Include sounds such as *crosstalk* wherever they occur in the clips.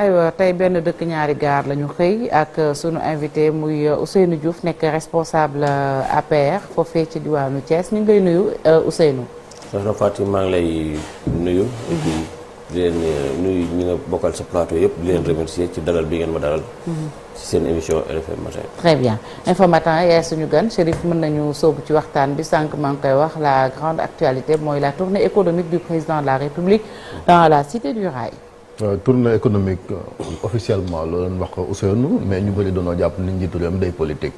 aywa tey benn dëkk ñaari gaar lañu xëy ak suñu invité muy euh, Ousseynou Diouf nekk responsable euh, APR foofee ci diwaanu Thiès ñu ngi lay nuyu euh, Ousseynou. soxna Fatou maa ngi lay nuyu. et mm-hmm. puis leen nuyu ñi nga bokkal sa plateau yëpp di leen mm-hmm. remercier ci dalal bi ngeen ma dalal. Mm-hmm. ci seen émission RFM matin. très bien info yaay suñu gan Chérif mën nañu sóobu ci waxtaan bi sànq maa ngi koy wax la grande actualité mooy la tournée économique du président de la République dans la cité du rail. tournée euh, économique euh, officiellement loolu lañ wax Ousseynou mais ñu bëri doonoo jàpp ni njiitu réew mi day politique.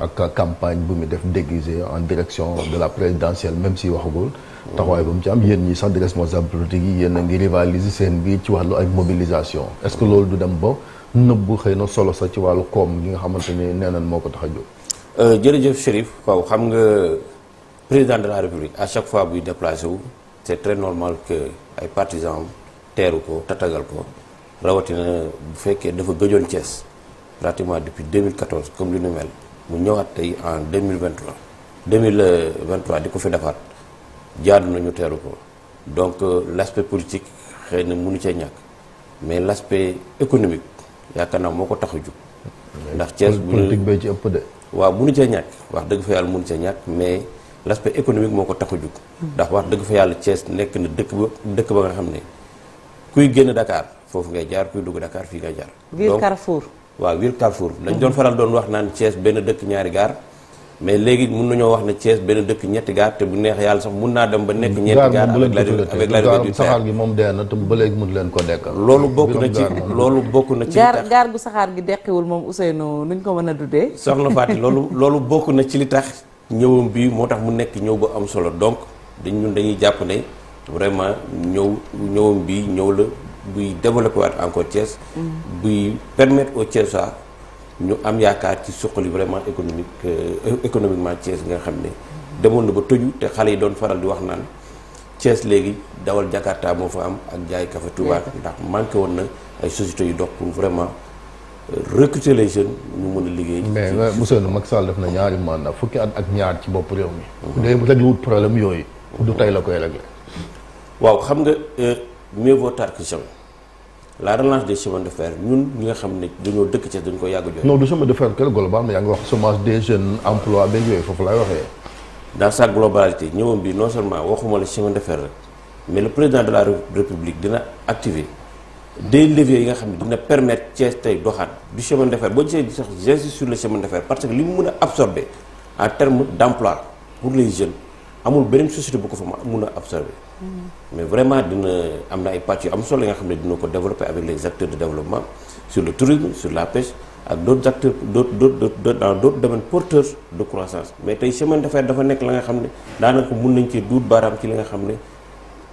ak campagne bu mu def déguisée en direction de la présidentielle même si waxagul. taxawaay bu mu ci am yéen ñi sax di responsable politique yi yéen a ngi rivaliser seen biir ci wàllu ay mobilisation est-ce que loolu du dem ba nëbbu xëy na solo sax ci wàllu koom gi nga xamante ni nee nañ moo ko tax a jóg. Euh, jërëjëf Chérif waaw xam nga président de la République à chaque fois buy déplacé wu c'est normal que ay partisans teeru ko tatagal ko rawatina bu fekkee dafa gëjoon Thiès pratiquement depuis 2014 comme li nu mel mu ñëwaat tey en 2023 2023 di ko fi defaat jaadu nañu teeru ko donc euh, l' aspect politique xëy na mënu cee ñàkk mais laspe aspect économique yaakaar naa moo ko tax a jug ndax Thiès bu politique bay ci ëpp de cee ñàkk wax dëgg fa yàlla mënu cee ñàkk mais l' aspect moo ko tax a ndax wax dëgg fa yàlla Thiès nekk na dëkk ba dëkk ba nga xam ne kuy génn dakaar foofu ngay jaar kuy dugg Dakar fii ngay jaar. biir Carrefour waaw biir Carrefour. dañ doon faral doon wax naan Thiès benn dëkk ñaari gaar mais léegi mun nañoo wax ne Thiès benn dëkk ñetti gaar te bu neex yàlla sax mun naa dem ba nekk. moom dee na te leen ko dekkal. loolu bokk na bokk na ci. gaar gaar gu saxaar gi dekkiwul moom noo nuñ ko mën a tuddee. soxna Fatou loolu loolu bokk na ci li tax ñëwam bi moo tax mu nekk ñëw bu am solo donc dañ ñun dañuy jàpp ne vraiment ñëw ñëwam bi ñëw la buy développé waat encore Thiès. buy permettre au Thiessois ñu am yaakaar ci suqali vraiment économique euh, économiquement Thiès nga xam ne demoon na ba tëju te xale yi doon faral di wax naan Thiès léegi dawal Jakarta moo fa am ak jaay kafe Touba ndax manqué woon na ay sociétés yu dox pour vraiment euh, recruter les jeunes ñu mën a liggéey. mais euh, monsieur Macky Sall def na ñaari mandat fukki at ak ñaar ci bopp réew mi. Mhm. bu dee bu problème yooyu. du waaw xam nga euh, mieux vaut tard que jamais la relance des chemins de fer ñun ñi nga xam ne dañoo dëkk Thiès dañ ko yàgg jooy non du chemin de fer que global mais yaa ngi wax chômage des jeunes emploi beeg yooyu foofu laay waxee. dans sa globalité ñëwam bi non seulement waxuma la chemin de fer rek mais le président de la république dina activer des leviers yi nga xam ne dina permettre Thiès tey doxaat du chemin de fer boo gisee sax j'insiste sur le chemin de fer parce que li mu mën a absorber pour les jeunes. amul beneen société bu ko fa mun a absorber mais vraiment dina am na ay pàcc am solo yi nga xam ne dina ko développer avec les acteurs de développement sur le tourisme sur la pêche ak d'autres acteurs d'autres d'autres dans d'autres domaines porteurs de croissance mais tey chemin d'affaires dafa nekk la nga xam ne daanaka mun nañ cee duut baaraam ci li nga xam ne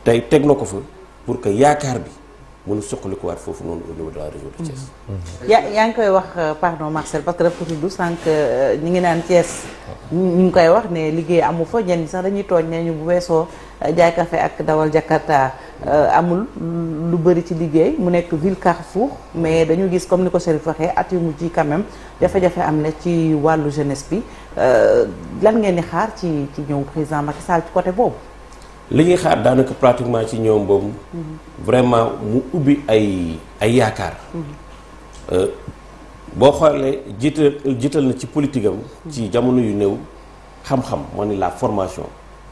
tey teg na ko fa pour que yaakaar bi mën a suqalikuwaat foofu noonu au niveau de de mhm. Thiès. yaa yaa ngi koy wax euh, pardon Marcel parce que dafa ko tudd sànq euh, ñu ngi naan Thiès. ñu ngi koy wax ne liggéey amu fa ñenn sax dañuy tooñ ne ñu bu weesoo euh, jaay café ak dawal Jakarta amul lu bëri ci liggéey mu nekk ville Carrefour mais dañu gis comme ni ko Chérif waxee at yu ji yi quand jafe am na ci wàllu jeunesse bi lan ngeen di xaar ci ci ñëw président Macky Sall côté boobu. li ñuy xaar daanaka pratiquement ci ñoom boobu vraiment mu ubbi ay ay yaakaar euh, boo xoolee jiital jiital na ci politique am ci jamono yu néew xam-xam moo ni la formation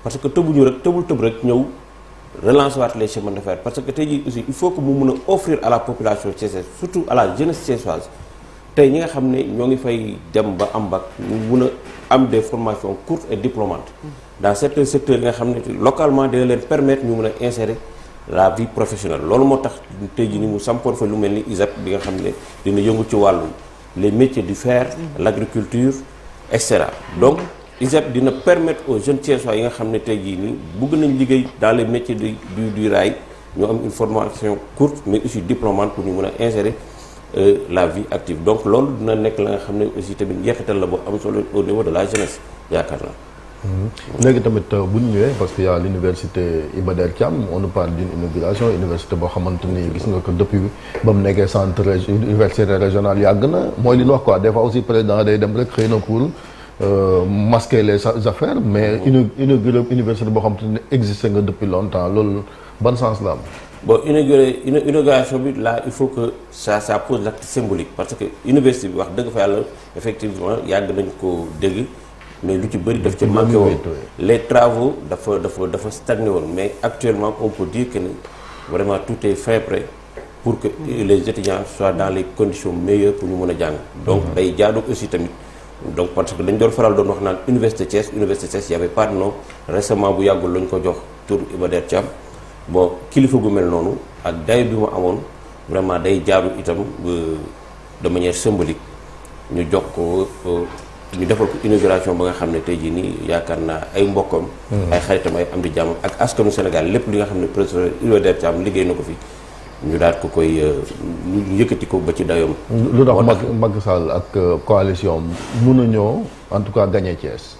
parce que tëbuñu rek tëbul tëb rek ñëw relancer waat les chemins de fer parce que tey jii il faut que mu mun a offrir à la population thiessoise surtout à la jeunesse thiessoise tey ñi nga xam ne ñoo ngi fay dem ba am bac ñu mun a am des formation courtes et diplômantes mm-hmm. dans certains secteurs yi nga xam ne localement dina leen permettre ñu mun a insérer la vie professionnelle loolu moo tax tey jii ni mu sampoon fa lu mel ni ISAP bi nga xam ne dina yëngu ci wàllu les métiers di fer mm-hmm. l'agriculture et cetera donc mm-hmm. ISAP dina permettre aux jeunes Thiessois yi nga xam ne tey jii nii bëgg nañ liggéey dans les métiers du du rail ñu am une formation courte mais aussi diplômante pour ñu mun a insérer Euh, la vie active donc loolu dina nekk la nga xam ne aussi tamit njeexital la boo am solo au niveau de la jeunesse yaakaar naa. Mhm. léegi tamit euh, bu ñu ñëwee parce que y' a l' université ba Der Thiam on nous parle d' une inauguration université boo xamante ni gis nga ko depuis ba mu nekkee centre université régionale yàgg na mooy li ñu wax quoi des fois aussi président day dem rek xëy na pour euh, masquer les affaires mais mhm. inauguré université boo xamante ni existé nga depuis longtemps loolu ban sens la am. bon inauguré inauguration bi là il faut que ça ça pose l'acte symbolique parce que université bi wax dëgg fa yàlla effectivement yàgg nañ ko dégg mais lu ci bëri daf ci manqué woon les travaux dafa dafa dafa stagné woon mais actuellement on peut dire que ne vraiment tout est fait pour que les étudiants soient dans les conditions meilleures pour ñu mën a jàng donc mm-hmm. day jaadu aussi tamit donc parce que dañ doon faral doon wax naan université Thiès université Thiès y avait bu yàggul lañ ko jox tur Iba Der bon kilifa gu mel noonu ak dayo bi mu amoon vraiment day jaaru itam de manière symbolique ñu jox ko euh, ñu defal ko inauguration ba nga xam ne tey jii nii yaakaar na ay mbokkam hmm. ay xaritam ay am di jàmm ak askanu Sénégal lépp li nga xam ne président Iba Der Thiam liggéey na ko fi ñu daal ko koy euh, ñu yëkkati ko ba ci dayoom. lu tax Macky Sall ak euh, coalition mun a ñoo en tout cas gagné Thiès.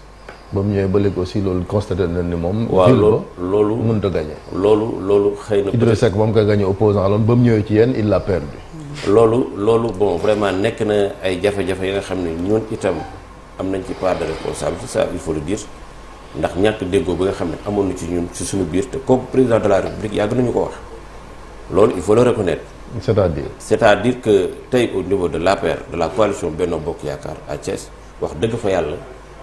ba mu ñëwee ba léegi aussi loolu constaté na ni moom. waaw loolu mun mënut a loolu loolu xëy na. Idrissa Seck ba mu ko gagné opposant alors ba mu ñëwee ci yenn il l'a perdu. loolu loolu bon vraiment nekk na ay jafe-jafe yi nga xam ne ñoon itam am nañ ci part de responsabilité sa il faut le dire ndax ñàkk déggoo bi nga xam ne amoon na ci ñun ci suñu biir te kooku président de la république yàgg nañu ko wax loolu il faut le reconnaître. c'est-à-dire c'est-à-dire que tey de l'APR de la coalition Benno Bokk Yaakaar à wax dëgg fa yàlla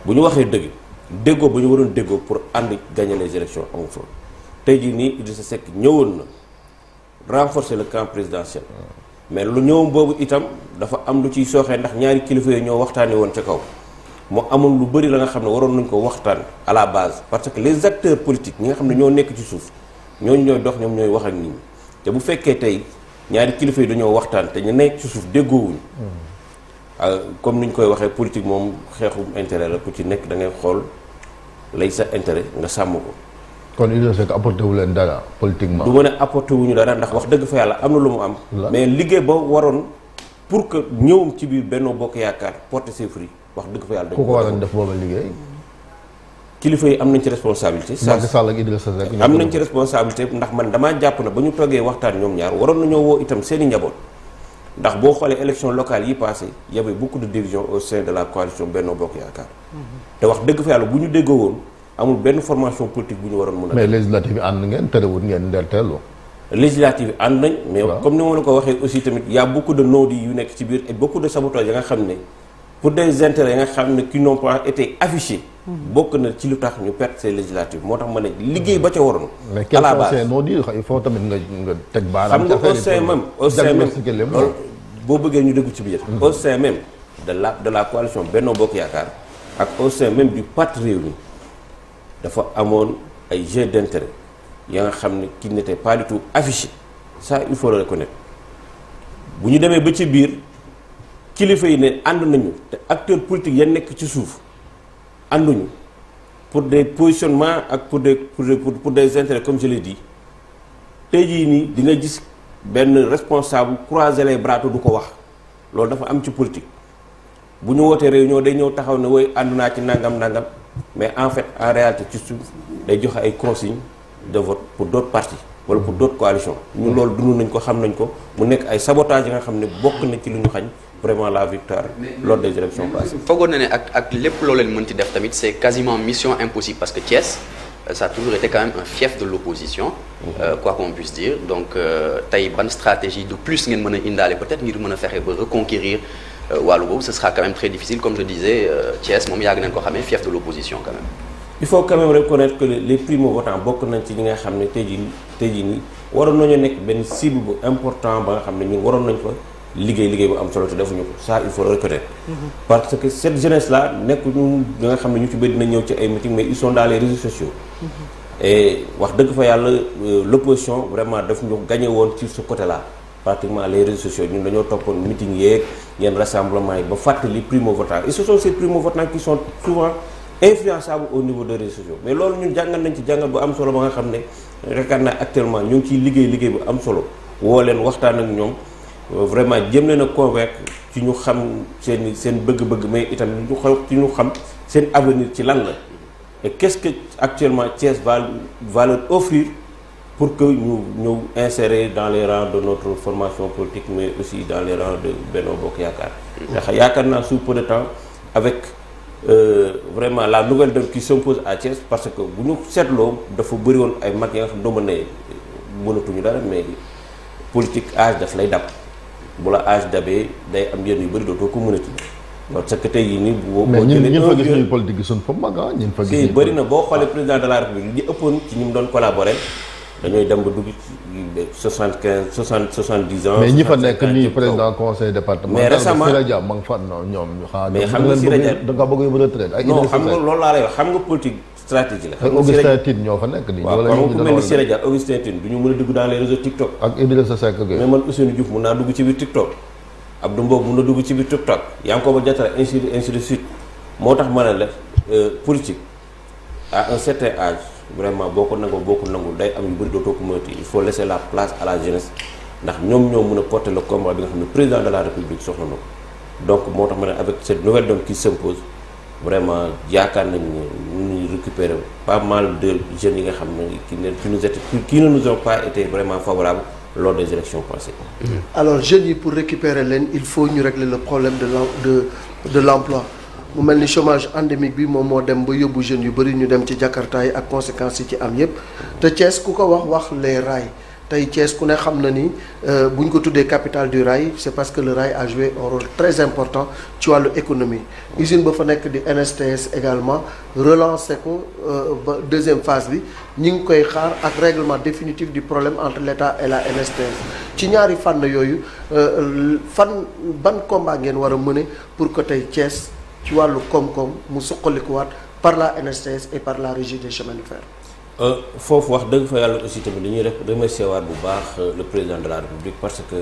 bu ñu waxee dëgg. déggoo ba ñu waroon déggoo pour ànd gagner les élections amu fa tey jii nii Idrissa Seck ñëwoon na renforcer le camp présidentiel mais lu ñëwoon boobu itam dafa am lu ciy sooxee ndax ñaari kilifa yi ñoo waxtaanee woon ca kaw mu amoon lu bëri la nga xam ne waroon nañ ko waxtaan à la base parce que les acteurs politiques ñi nga xam ne ñoo nekk ci suuf ñooñu ñooy dox ñoom ñooy wax ak nit te bu fekkee tey ñaari kilifa yi dañoo waxtaan te ñu nekk ci suuf déggoowuñu Euh, comme ni ñu koy waxee politique moom xeexum intérêt la ku ci nekk da ngay xool lay sa intérêt nga sàmm ko. kon Idrissa Seck apporté wu leen dara politiquement. du ne apporté wuñu dara ndax wax dëgg fa yàlla am na lu mu am. mais liggéey ba waroon pour que ñëwam ci biir Benno Bokk Yaakaar porter ses fruits wax dëgg fa yàlla. ku ko waroon def booba liggéey. kilifa yi am nañ ci responsabilité. Macky Sall ak Idrissa Seck am nañ ci responsabilité ndax man jàpp na ba ñu toggee waxtaan ñoom ñaar waroon nañoo itam seen njaboot. ndax boo xoolee élection locale yi passé y avait beaucoup de divisions au sein de la coalition Benno Bokk Yaakaar te wax dëgg fa yàlla bu ñu déggoo woon amul benn formation politique bu ñu waroon mën a mais législative ànd ngeen terewul ngeen ndelteelu législative ànd nañ mais comme ni ma la ko waxee aussi tamit y a beaucoup de yu nekk ci biir et beaucoup de sabotage ya nga xam ne pour de intérêts yi nga xam ne qui n'ont pas été affichés. bokk na ci lu tax ñu perte ces législatives moo tax ma ne liggéey ba ca waroon. à la base mais quel teg baaraam. xam nga au sein même au sein même boo bëggee ñu dégg ci biir. Mm-hmm. au sein même de la de la coalition Benno Bokk Yaakaar ak au bi même du parti dafa amoon ay jeux d'intérêt ya nga xam ne qui n'étaient pas du tout affichés ça il faut le reconnaître bu ñu demee ba ci biir. kilifa yi ne ànd nañu te acteurs politiques ya nekk ci suuf ànduñu pour des positionnements ak pour de pour des pour des intérêts comme je l'ai dit tey jii nii di gis benn responsable croiser les bras du ko wax loolu dafa am ci politique bu ñu wootee réunion day ñëw taxaw ne woy ànd naa ci nangam nangam mais en fait en réalité ci suuf day joxe ay consignes de vote pour d'autres partis wala pour d'autres coalitions. ñun loolu dund nañ ko xam nañ ko mu nekk ay sabotage yi nga xam ne bokk na ci lu xañ. vraiment la victoire lors des élections passées. foogoon na ne ak lépp loo mën ci def tamit c'est quasiment mission impossible parce que Thiès euh, ça a toujours été quand même un fief de l'opposition mhm. euh, quoi qu'on puisse dire donc euh, tey ban stratégie de plus ngeen mën a indaale peut-être ngir mën a fexe ba reconquérir euh, wàllu boobu ce sera quand même très difficile comme je disais Thiès moom yàgg nañ ko xamee fief de l'opposition quand même. il faut quand même reconnaître nga xam ne tey jii tey jii nii waroon nañu xam ne waroon nañ fa. liggéey liggéey bu am solo te defuñu ko ça il faut le répéter. parce que cette jeunesse là nekkuñu da nga xam ne ñu ci bëri dina ñëw ci ay meeting mais ils sont dans sociaux. Mm-hmm. wax dëgg fa yàlla euh, l' opposition vraiment daf ñu gagné woon ci ce côté là les réseaux sociaux ñun dañoo toppoon meeting yeeg yenn rassemblement yi ba fàttali primo votants et ce sont primo votants qui sont souvent influençables au niveau des réseaux sociaux mais loolu ñun jàngal nañ ci jàngal bu am solo ba nga xam ne yaakaar naa ñu ngi ciy liggéey liggéey bu am solo woo leen waxtaan ak ñoom. Euh, vraiment jéem leen a convaincre ci ñu xam seen seen bëgg-bëgg mais itam ñu xam ci ñu xam seen avenir ci lan la et quest que actuellement Thiès va va leur offrir pour que ñu ñëw insérer dans les rangs de notre formation politique mais aussi dans les rangs de Benno Bokk Yaakaar. ndax yaakaar naa sous peu de temps avec euh, vraiment la nouvelle donne qui pose à Thiès parce que bu ñu seetloo dafa bëri woon ay mag ya nga xam ne doo mën a mënatuñu dara mais politique âge daf lay dab. bu la âge dabee day am yenn yu bëri dootoo ko mënati loolu sa yi nii. boo boo jëlee mais ñun fa gis ñuy politique yi suñu fa mag ah ñun fa. gis bëri na boo xoolee président de la république li ëppoon ci ñi mu doon collaborer dañooy dem ba dugg ci soixante quinze soixante soixante dix ans. mais ñi fa nekk nii président conseil départemental. mais récemment mais xam nga Sira Dia da xam nga loolu laa lay wax xam nga politique. stratégie la. xam Augustin Tine ñoo fa nekk. ñu mën a dugg dans les réseaux TikTok. ak Idrissa Seck yooyu mais man moo tax ma ne la euh, politique à un certain âge vraiment boo ko nangoo boo ko nangul day am yu bëri dootoo ko moytu il faut laisser la place à la jeunesse ndax ñoom ñoo mun a porter le combat bi nga xam ne président de la république soxla na ko donc moo tax ma ne avec cette nouvelle donne qui s'impose vraiment yaakaar nañu ne ñu récupérer pas mal de jeunes yi nga xam ne ki ne qui nous étaient qui ne nous ont pas été vraiment favorables lors des élections passées. Mm-hmm. alors jeunes yi pour récupérer leen il faut ñu régler le problème de de de l'emploi mu mel ni chomage endémique bi moom moo dem ba yóbbu jeunes yu bëri ñu dem ci Jakarta yi ak conséquences yi ci am yépp te Thiès ku ko wax wax les rails. tey Thiès ku ne xam na ni euh, bu ñu ko tuddee capital du rail c' parce que le rail a joué un rôle très important ci wàllu économie usine ba fa nekk di NSTS également relancé ko euh, ba deuxième phase bi ñu ngi koy xaar ak règlement définitif du problème entre l' et la NSTS ci ñaari fànn yooyu euh, fan ban combat ngeen war a ne pour que tey Thiès ci wàllu koom-koom mu suqalikuwaat par la NSTS et par la régie des chemins de fer Euh, foofu wax dëgg fa yàlla aussi tamit dañuy rek remercier waat bu baax euh, le président de la république parce que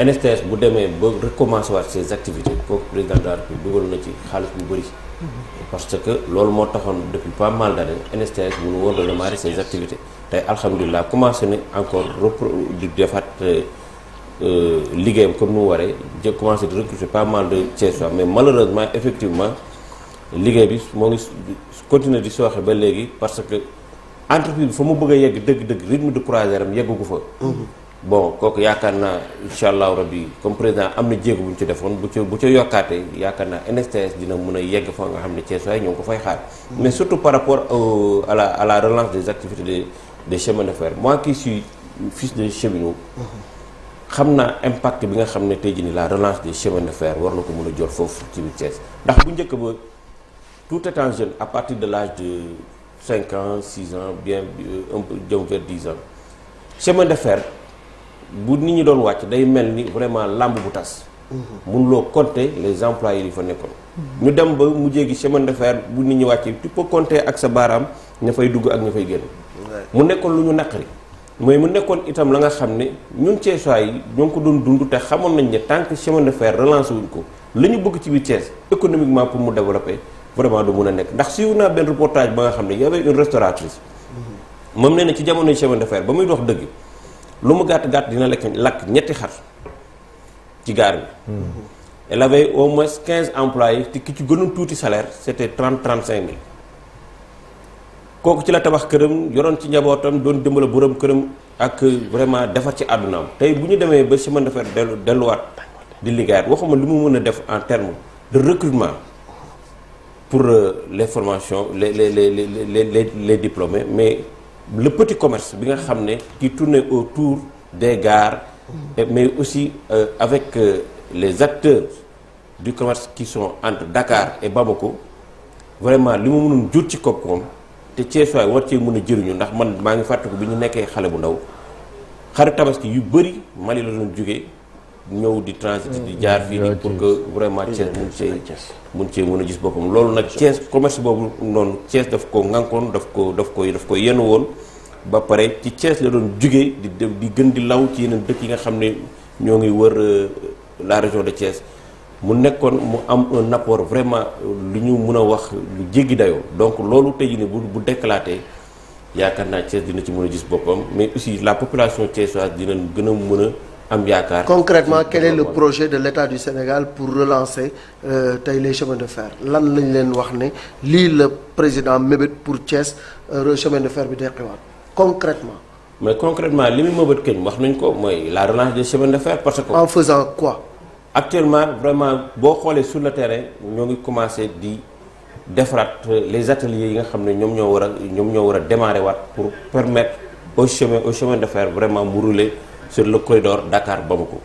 NSTS bu demee ba recommencer waat ses activités kooku président de la république dugal na ci xaalis bu bëri. Mm-hmm. parce que loolu moo taxoon depuis pas mal d'années NSTS mënu woon redémarrer ses activités tey alhamdulilah commencé na encore repro di defaat euh, liggéeyam comme nu mu waree jë commencé di recruter pas mal de Thiessois mais malheureusement effectivement liggéey bi moo ngi continuer di sooxe ba léegi parce entreprise bi fa mu bëgg a yegg dëgg-dëgg rythme de croisière am yeggagu fa. Mhm. bo kooku yaakaar naa incha allahu rabi comme président am na jéego bu ñu ci defoon bu ca bu ca yokkaatee yaakaar naa NSTS dina mun a yegg fa nga xam ne Thiès waaye ñëw ngi ko fay xaar. Mhm. mais surtout par rapport au, à la à la relance des activités des des chemins de fer moi qui suis fils de cheminot. Mhm. xam naa impact bi nga xam ne tey jii nii la relance des chemins de fer war na ko mën a jot foofu ci biir Thiès ndax bu njëkk ba tout étant jeune à partir de l'âge 5 ans 6 ans bien euh, un peu jëm vers 10 ans chemin de fer bu nit ñi doon wàcc day mel ni vraiment làmb bu tas. Mhm. mënuloo compter les employés yi fa nekkoon. ñu dem ba mu jéggi chemin de fer bu nit ñi wàcc tu peux compter ak sa baaraam ña fay dugg ak ña fay génn. mu nekkoon lu ñu naqari. mooy mu nekkoon itam la nga xam ne ñun Thiès yi ñoo ngi ko doon dund te xamoon nañ ne tant que chemin de fer relance wuñ ko li ñu bëgg ci biir Thiès économiquement pour mu développer. vraiment du mun a nekk ndax siiw naa benn reportage ba nga xam ne y avait une restauratrice moom nee ci jamonoy chemin de fer ba muy dox dëgg lu mu gàtt gàtt dina lekk lakk ñetti xar ci gaar bi elle au moins quinze employés te ki ci gënoon tuuti salaire c' était trente trente cinq mille kooku ci la tabax këram yoroon ci njabootam doon dimbala borom këram ak vraiment defar ci àddunaam tey bu ñu demee ba chemin de fer delluwaat di liggéeyaat waxuma li mu mën a def en terme de pour euh, les formations les les les les les les diplômés mais le petit commerce bi nga xam ne qui tournait autour des gares mais aussi euh, avec euh, les acteurs du commerce qui sont entre Dakar et Bamako vraiment li mu mënoon jur ci koom-koom te Thiessois war cee mën a jëriñu ndax man maa ngi fàttaliku bi ñu nekkee xale bu ndaw xaru tabaski yu bëri Mali la doon jógee ñëw di transit di jaar fii nii pour que vraiment Thiès mun cee mm, mun cee mën a gis boppam loolu nag Thiès commerce boobu noonu Thiès daf ko ngànkoon daf ko daf koy daf koy yenu woon ba pare ci Thiès la doon jugee di di gën di law ci yeneen dëkk yi nga xam ne ñoo ngi wër euh, la région de Thiès mu nekkoon mu am un vraiment lu ñu mun a wax lu jéggi dayoo donc loolu te jii nii bu bu déclaté yaakaar naa Thiès dina ci mën a gis boppam mais aussi la population thiessoise dina gën a mën a am yaakaar. concrètement quel est projet de l'État du Sénégal pour relancer euh, tey les chemins de fer lan lañ leen wax ne lii la président mébét pour Thiès euh, chemin de fer bi deqiwaat concrètement mais concrètement li muy mébét kañ wax nañ ko mooy la relance des chemins de fer parce que. en faisant quoi. actuellement vraiment boo xoolee sur le terrain ñoo ngi commencé di. defaraat euh, les ateliers yi nga xam ne ñoom ñoo war a ñoom ñoo war a démarrer waat pour permettre au chemin sur le corridor Dakar ko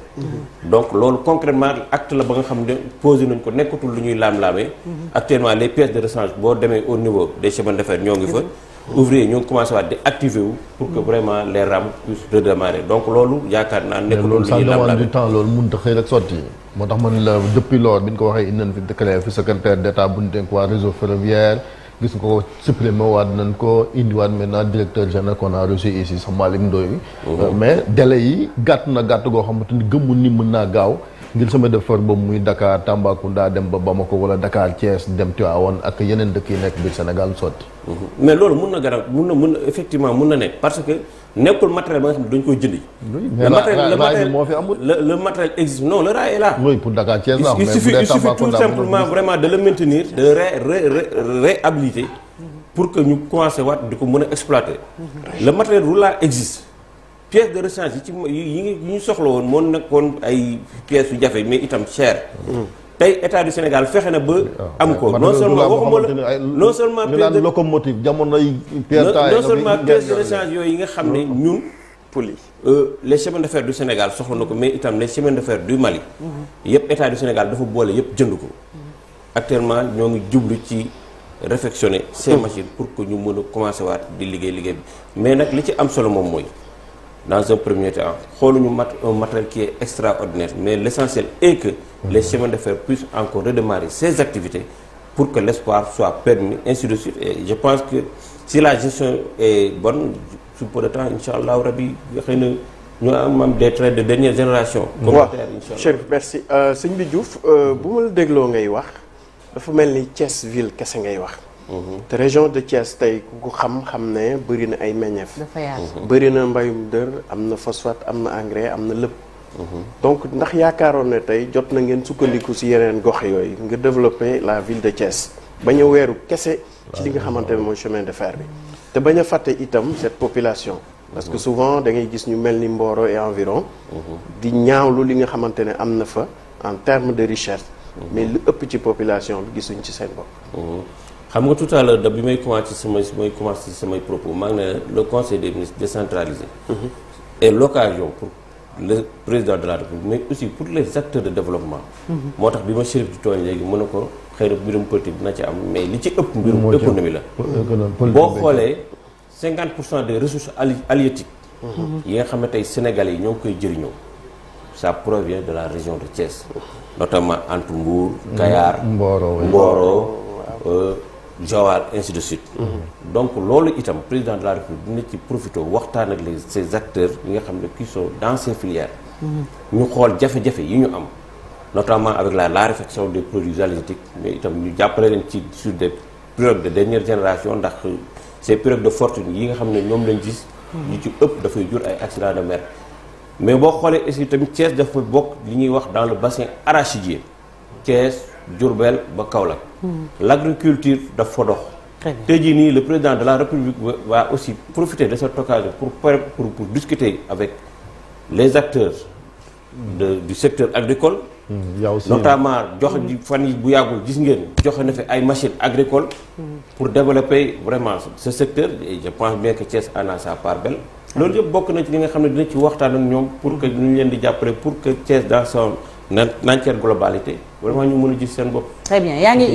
donc loolu concrètement acte la ba nga xam ne posé nañ ko nekkatul lu ñuy laam-laamee. Mhm. actuellement les pièces de rechange boo demee au niveau des chemins de fer ñoo ngi fa. Mhm. ouvrier ñoo ngi commencé waat activer wu. pour que mhm. vraiment les rames puissent redémarrer donc loolu yaakaar naa nekk loolu. lu ñuy laam-laamee du temps a xëy rek sotti. moo tax man la depuis loolu bi ñu ko waxee indi fi déclaré fi secrétaire d' état bu gis nga ko supprimé waat nañ ko indiwaat maintenant directeur général qu'on a reçu ici sax Malick Ndoye mhm. euh, mais délai yi gàtt na gàtt goo xamante ni gëmmu ni mën naa gaaw ngir sama defar ba muy Dakar Tambacounda dem ba ma ko wala Dakar Thiès dem Tivaouane ak yeneen dëkk yi nekk bi Sénégal sotti mhm. mais loolu mun na garab mun na mun effectivement mun na nekk parce que nekkul matériel ba nga xam ne dañ koy jënd. le matériel le matériel moo fi amul. le matériel existe non le rail est là. oui pour Dakar Thiès la il suffit il suffit tout simplement vraiment de le maintenir de le réhabiliter pour que ñu commencé waat di ko mën a exploiter. Mhm. le matériel roulant existe. pièces de rechange yi ci yi ñu soxla woon moo nekkoon ay pièces yu jafe mais itam cher. Mhm. tey état du Sénégal fexe na ba. Ah, am ko non seulement waxuma la non seulement. pièce de locomotive jamono yi. nga xam ne ñun. poli euh, les chemins de fer du Sénégal soxla na ko mais itam les chemins de fer du Mali. Mm-hmm. yëpp état du Sénégal dafa boole yëpp jënd ko. Mm-hmm. actuellement ñoo ngi jublu ci réfectionner ces mm. machine pour que ñu mën a commencer waat di liggéey liggéey bi mais nag li ci am solo moom mooy. dans un premier temps xooluñu mat un matériel qui est extraordinaire mais l' essentiel est que les chemins de fer puissent encore redémarrer ses activités pour que l'espoir soit permis ainsi de suite je pense que si la gestion est bonne sous peu de temps incha allah rabi xëy na ñu am des trains de dernière génération commentaire incha allah Chérif merci euh, sëñ bi Diouf euh, bu ma dégloo ngay wax dafa mel ni Thiès ville kese ngay wax te région de Thiès tey ku ko xam xam ne bëri na ay meññeef. dafa mhm. bëri na mbayum dër am na phosphate am na engrais am na lépp. Mhm. donc ndax yaakaaroon ne tey jot na ngeen sukkandiku si yeneen gox yooyu nga développer la ville de Thiès bañ a weeru kese. ci li nga xamante ne mooy chemin de fer bi. te bañ a fàtte itam cette population. parce que mhm. souvent da ngay gis ñu mel ni Mboro et environ. di ñaawlu li nga xamante ne am na fa en termes de richesse. mais lu ëpp ci population bi gisuñ ci seen bopp. xam nga tout à l'heure da bi may commencé samay may commencé samay propos maa ngi ne le conseil des ministres décentralisé mm-hmm. est l'occasion pour le président de la République mais aussi pour les acteurs de développement mm-hmm. moo tax bi ma Chérif di tooñ léegi mën na ko xëy na mbirum politique dina ci am mais li ci ëpp mbirum économie la boo mm-hmm. xoolee cinquante pour cent des ressources nga xam ne tey Sénégalais yi ñoo ngi koy jëriñoo ça provient de la région de Thiès notamment entre Mbour Kayar Mboro Mboro Joal ainsi de suite. donc loolu itam président de la République dina ci profité waxtaan ak les ces acteurs yi nga xam ne qui sont dans ces filières. ñu xool jafe-jafe yi ñu am. notamment avec la la raréfaction des produits halieutiques mais itam ñu jàppale leen ci sur des périodes de dernière génération ndax ces périodes de fortune yi nga xam ne ñoom lañ gis. ñu ci ëpp dafay jur ay accident de mer. mais boo xoolee aussi tamit Thiès dafa bokk li ñuy wax dans le bassin arachidier Thiès. Diourbel ba kaw hmm. la agriculture daf fa dox tey jii nii le président de la république waa aussi profiter de cette occasion pour pour pour discuter avec les acteurs du secteur agricole hmm, notamment jox fan yi bu yàggul gis ngeen joxe na fi ay machine agricoles hmm. pour développer vraiment ce secteur et je pense bien que Thiès en a belle loolu yëpp bokk na ci li nga xam ne dina ci waxtaan ak ñoom pour que ñu leen di jàppale pour que Thiès dans son entière globalité vraiment ñu mën a gis bien yaa ngi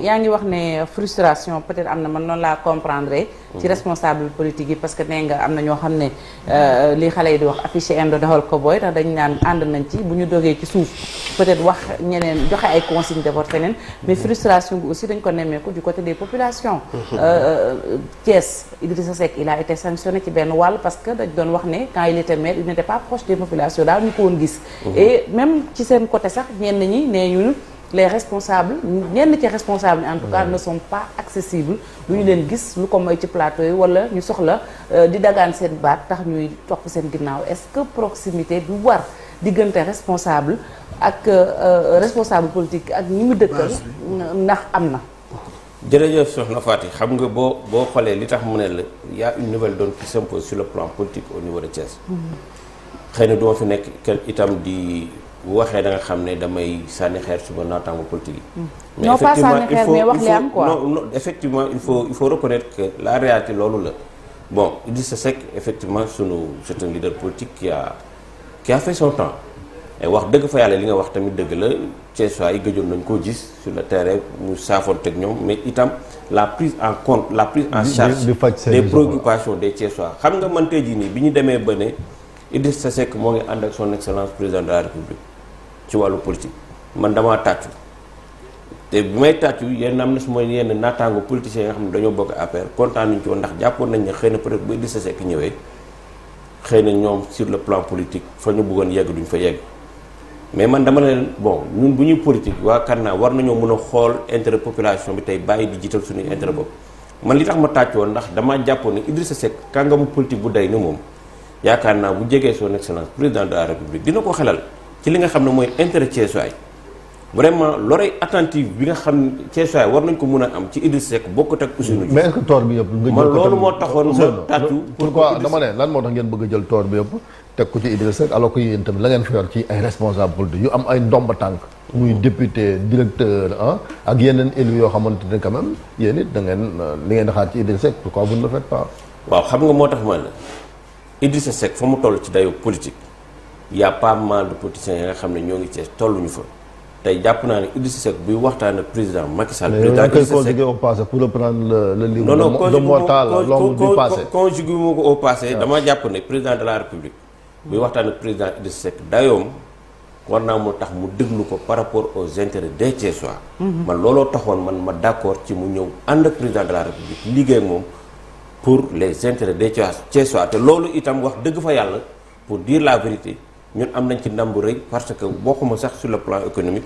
yaa ngi wax ne frustration peut-être am na man noonu laa comprendre. Mhm. ci responsable politique yi parce que nee nga am na ñoo xam ne euh, li xale yi di wax affiché indo doxal ko booy tax dañu naan ànd nañ ci bu ñu dogee ci suuf peut-être wax ñeneen joxe ay consignes de vote feneen. mais mhm. frustration bi aussi dañ ko nemmeeku du côté des populations. Mhm. Euh, euh, Thiès Idrissa Seck il a été sanctionné ci benn wàll parce que dañ doon wax ne quand il était maire il n'était pas proche seen côté sax ñenn mais ñun les responsables ñenn ci responsables en tout cas ne sont pas accessibles lu ñu leen gis lu ko mooy ci plateau yi wala ñu soxla euh, di dagaan seen baat tax ñuy topp seen ginnaaw est-ce que proximité du war diggante responsable ak euh, responsable politique ak ñi mu dëkkal ndax am na jërëjëf soxna Fati xam nga boo boo xoolee li tax mu ne la y a une nouvelle donne qui s'impose sur le plan politique au niveau de Thiès mm-hmm. xëy na duma fi nekk kenn itam di bu waxee da nga xam ne damay sànni xeer suma naataango politique yi. Hmm. mais non pas sànni xeer mais wax li am quoi non non effectivement il faut il faut reconnaître que la réalité loolu la bon sa Seck effectivement sunu c'est un leader politique qui a qui a fait son temps. wax dëgg fa yàlla li nga wax tamit dëgg la Thiessois yi gëjoon nañ koo gis sur le terrain mu saafoonteeg ñoom mais itam la prise en compte la prise en charge des préoccupations des Thiessois xam nga man tey jii nii bi ñu demee ba ne Idrissa Seck moo ngi ànd ak son excellence président de la République ci wàllu politique man damaa tàccu te bu may tàccu yenn am na su ma yenn naataango politiciens yi nga xam ne dañoo bokk APR kontaan nañu ci woon ndax jàppoon nañ ne xëy na xëy na ñoom sur le plan politique fa ñu bëggoon yegg duñ fa yegg mais man dama leen bon ñun bu ñuy politique waa Kànnaa war nañoo mën a xool intérêt population bi tey bàyyi di jiital suñu intérêt bopp man li tax ma tàccoon ndax damaa jàppoon ne Idrissa Seck kàngamu politique bu day ni moom yaakaar naa bu jegee soon excellence président de la république dina ko xelal ci li nga xam ne mooy intérêt Thiessois vraiment l'oreille attentive bi nga xam Thiessois war nañ ko mun a am ci Idriss Seck bokkut ak Ousseynou Diouf. mais est-ce que toor bi yëpp. ma jël loolu moo taxoon ma tàccu. pourquoi dama ne lan moo tax ngeen bëgg a jël toor bi yëpp teg ko ci Idriss Seck alors que yéen tamit la ngeen fi yor ci ay responsable politique yu am ay ndomba tànk. muy député directeur ah ak yeneen élus yoo xamante ne quand même yéen it da ngeen li ngeen xaar ci Idriss Seck pourquoi vous ne le faites xam nga moo tax ma ne Idriss Seck fa toll ci dayo politique y' a pas mal de politiciens yi nga xam ne ñoo ngi cee tolluñu fa tey jàpp naa ne Idrissa Seck buy waxtaan ak président Macky Sall. président Idrissa Seck mais de la république. buy waxtaan moo tax mu déglu ko par rapport aux intérêts des Thiessois. Mm-hmm. man looloo taxoon man ma d' ci mu ñëw ànd ak te loolu itam wax dëgg fa yàlla pour dire la vérité. ñun am nañ ci ndam bu rëy parce que bokkuma sax sur le plan économique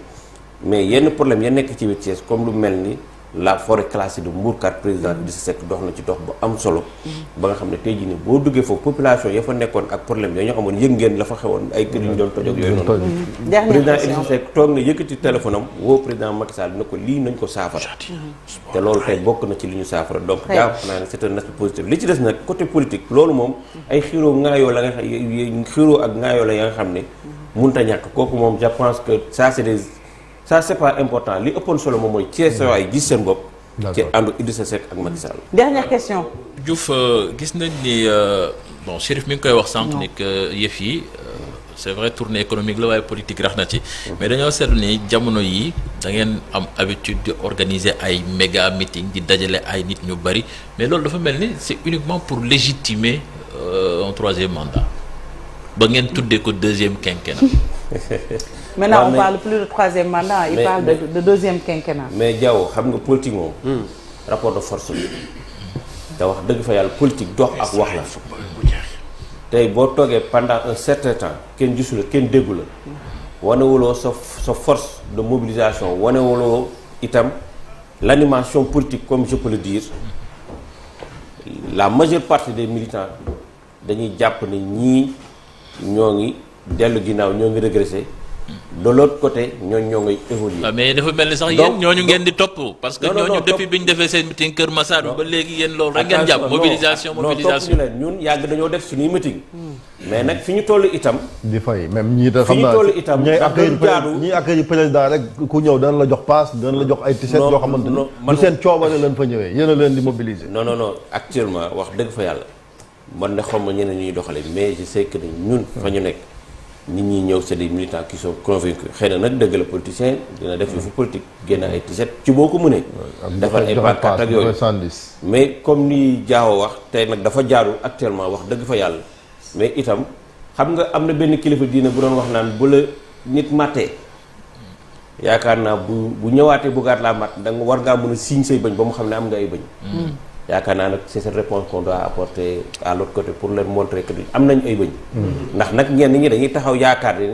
mais yenn problème ya nekk ci biir comme lu mel ni la forêt classée de Mbourkat président Idrissa dox na ci dox bu am solo mm-hmm. ba nga xam ne tey jii nii boo duggee foofu population ya fa nekkoon ak problème yooyu ñoo amoon yëg ngeen la fa xewoon ay kër yu ñu doon mm-hmm. Mm-hmm. na ko lii nañ ko saafara te loolu na ci li ñu saafara donc jàpp naa ne li ci des nag côté politique loolu moom ay xiiroo ngaayoo la nga xiiroo la ya nga xam ne munta ñàkk kooku moom je pense que ça c'est des ça c'est pas important li ëppoon solo moom mooy Thiessois yi gis seen bopp. ci ànd sa Seck ak Macky Sall. dernière question. Diouf euh, gis nañ ni euh, bon Chérif mi ngi koy wax sànq. ni euh, yëf yi c'est vrai tournée économique la waaye politique rax na ci. mais dañoo seetlu ni jamono yi da ngeen am habitude di organiser ay méga meeting di dajale ay nit ñu bari mais loolu dafa mel ni c'est uniquement pour légitimer un troisième mandat ba ngeen tuddee ko deuxième quinquennat *laughs* maintenant on parle plus de troisième mandat il parle de mais Diaw xam nga politique moom hmm. rapport de force bi te wax dëgg fa yàlla politique dox ak wax la tey boo toogee pendant un certain temps kenn gisu la kenn déggu la wanewuloo sa sa force de mobilisation wanewuloo itam l'animation politique comme je peux le la majeure partie des militants dañuy jàpp ne ñii ñoo ngi dellu ginnaaw ñoo ngi régressé de l'autre côté ñooñu ñoo ngay évoluer. waaw ah, mais dafa mel ni sax yéen ñooñu ngeen di topp. parce que ñooñu depuis bi ñu defee seen meeting Kër Massar ba léegi yéen loolu rek ngeen jàpp mobilisation mobilisation. non topp ñu leen ñun yàgg dañoo def suñuy meeting. mais nag fi ñu toll itam. di fay même ñii ñu toll itam. ñooy accueil ñii accueil président la jox paas dana la jox ay t-shirt yoo xamante ne du seen coobare leen fa ñëwee yéen leen di mobiliser. non non non actuellement wax dëgg fa yàlla man de xaw ma ñeneen ñuy doxale mais je sais que ñun ñu nekk nit ñi ñëw c'est des militants qui sont convaincus xëy na nag dëgg la politicien dina def yëfu politique génn ay tiset ci boo ko mënee. defal ay pancarte ak yooyu mais comme ni Diaw wax tey nag dafa jaaru actuellement wax dëgg fa yàlla mais itam xam nga am na benn kilifa diina bu doon wax naan bu la nit màttee yaakaar naa bu bu ñëwaatee bëggaat laa mat da nga war ngaa mën a siiñ say bañ ba mu xam ne am nga ay bañ. Hmm. yaakaar naa nag c'est cette réponse qu'on doit apporter à l'autre côté pour leur montrer que am nañ ay bëñ ndax nag ngeen ñenn ñi dañuy taxaw yaakaar ni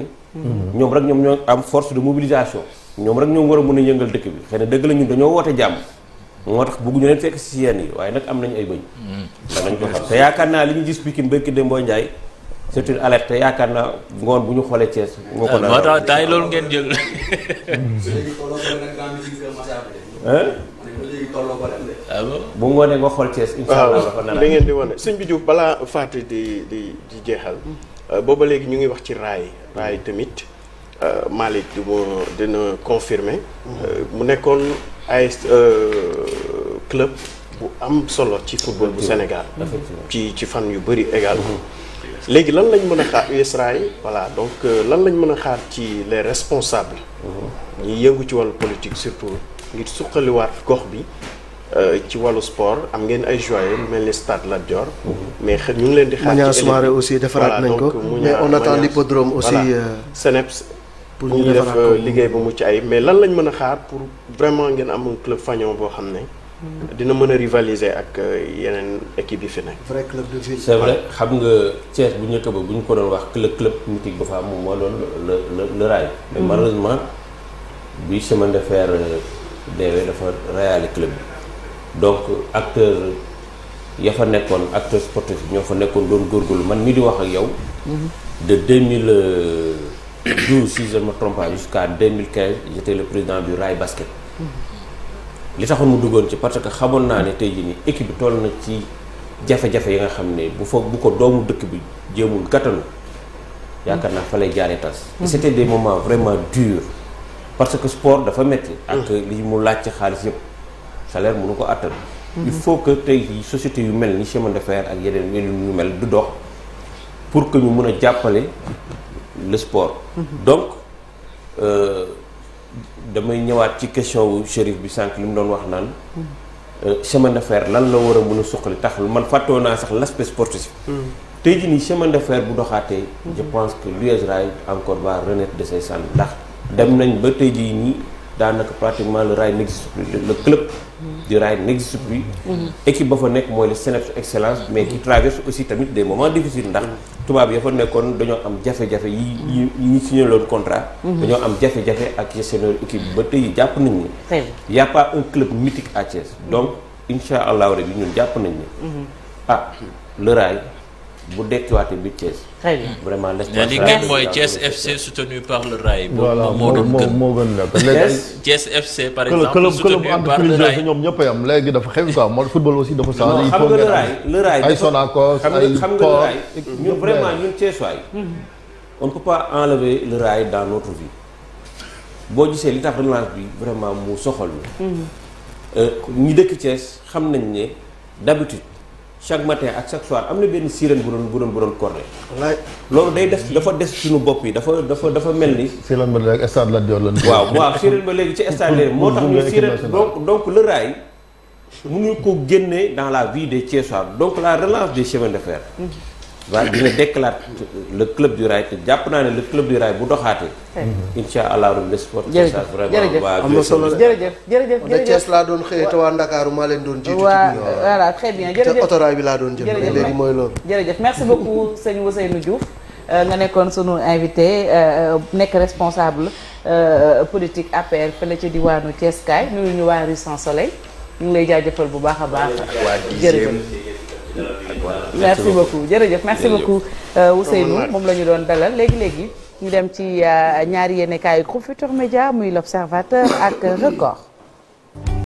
ñoom rek ñoom ñoo am force de mobilisation ñoom rek ñoom war a mën a yëngal dëkk bi xëy na dëgg la dañoo woote jàmm moo tax bëgguñu leen fekk si yenn yi waaye nag am nañu ay bëñ ndax mm. ko xam te yaakaar naa li ñu gis Pikine bërki Dembo Ndiaye c'est une alerte te yaakaar naa ngoon bu ñu xoolee Thiès moo ko na ah, moo tax taay loolu ngeen jël *laughs* Ah bu ngoonee nga xool Thiès incha ah, allah dafa ngeen di wane sëñ bi Diouf balaa Fatou di di di jeexal. Euh, booba léegi ñu ngi wax ci raay raay tamit euh, Malick du ma dina confirmer euh, mu nekkoon AS club bu am solo ci football bu Sénégal. ci ci fan yu bëri également. Mm-hmm. lan lañ mën a xaar donc lan lañ mën a xaar ci les responsables. Mm-hmm. ñu yëngu ci wàllu politique surtout. ngir suqaliwaat gox bi euh, ci wàllu sport am ngeen ay joyaux lu mel ni stade Lat Dior. Mhm. mais xëy ñu ngi leen di. xaar ci Soumaré aussi defaraat nañ ko mais on attend l'hippodrome aussi. Euh, Seneps pour ñu def euh, liggéey bu mucc ay mais lan lañ mën a xaar pour vraiment ngeen amul club fanion boo xam ne. Mhm. dina mën a rivaliser ak yeneen équipe yi fi nekk. vrai club de c'est xam nga Thiès bu njëkk ba bu ñu ko doon wax le club mythique ba fa amul moo lool le le le rail. mais mhm. malheureusement bi chemin de fer. deewee dafa rayaale club bi donc acteur ya fa nekkoon acteur sportif ñoo fa nekkoon doon góorgóorlu man mi di wax ak yow de 2012 si je ne me trompe pas jusqu'à 2015 j'étais le président du Rail Basket li taxoon mu duggoon ci parce que xamoon naa ne tey jii ni équipe bi toll na ci jafe-jafe yi nga xam ne bu fa bu ko doomu dëkk bi jéemul gàttanu yaakaar naa fa lay jaaree tas c'était des moments vraiment durs parce que sport dafa métti. Mm. ak li mu laaj ci xaalis yëpp salaire mënu ko attan. Mm-hmm. il faut que tey société yu mel ni chemin de fer ak yeneen yeneen yu mel du dox pour que ñu mën a jàppale le sport. Mm-hmm. donc euh, damay ñëwaat ci question wu Chérif bi sànq li mu doon wax naan. Mm-hmm. Euh, chemin de fer lan la war a mën a suqali tax man fàttoo naa sax l' aspect sportif. tey jii nii chemin de fer bu doxaatee. je pense que l'USRA encore ba renaître de ses cendres ndax. dem nañ ba tey jii nii daanaka pratiquement le rail n'existe plus le club du rail n'existe mhm. équipe ba fa nekk mooy le Ceneps excellence mhm. mais qui traverse aussi tamit des moments difficiles ndax tubaab ya fa nekkoon dañoo am jafe-jafe yi yi ñu signé mhm. dañoo am jafe-jafe ak gestionnaire équipe ba tey jàpp nañ ni yàppaa a pas un club mythique à Thiès donc insha allahu rabi ñun jàpp nañ ni ah le rail bu dekkiwaatee biir Thiès. très bien vraiment l'espoir. li ngeen mooy Thiès FC soutenu par le rail. voilà moo moo moo gën la léegi Thiès FC par exemple. soutenu par le rail ñoom ñëpp a yam léegi dafa xew quoi mooy football le rail ay Sonacos ay Port ñun on ne peut pas enlever le rail dans notre vie. boo gisee li tax relance bi vraiment mu soxal ñu. Mhm. Euh, dëkk Thiès xam nañ ne d'habitude. chaque matin ak chaque soir am na benn sirène bu doon bu doon bu doon corné. wallaay loolu day def dafa des suñu bopp yi dafa dafa dafa mel ni. sirène ba léegi stade la Dior la. waaw waaw sirène ba léegi ci stade moo tax ñu sirène donc donc le rail. mënuñu ko génnee dans la vie des Thiessois donc la relance des chemins de fer. Mm. waaye dina déclare le club du rail te jàpp naa ne le club du rail bu doxaatee. incha allah le sport. jërëjëf jërëjëf am na solo jërëjëf jërëjëf jërëjëf Thiès laa doon xëyee te Ndakaaru maa leen doon jiitu. waaw voilà très bien bi laa doon jël. jërëjëf léegi mooy loolu. jërëjëf merci beaucoup sëñ Ousseynou Diouf euh, nga nekkoon sunu invité euh, nekk responsable euh, politique APR fële ca diwaanu cees kaay nuyu ñu waa Rue Sans Soleil ñu ngi lay jaajëfal bu baax a baax. jërëjëf merci beaucoup jërëjëf merci beaucoup euh, Ousseynou moom la ñu doon dalal léegi léegi ñu dem ci euh, ñaari yéenekaay Groupe média Médias muy l'Observateur ak Record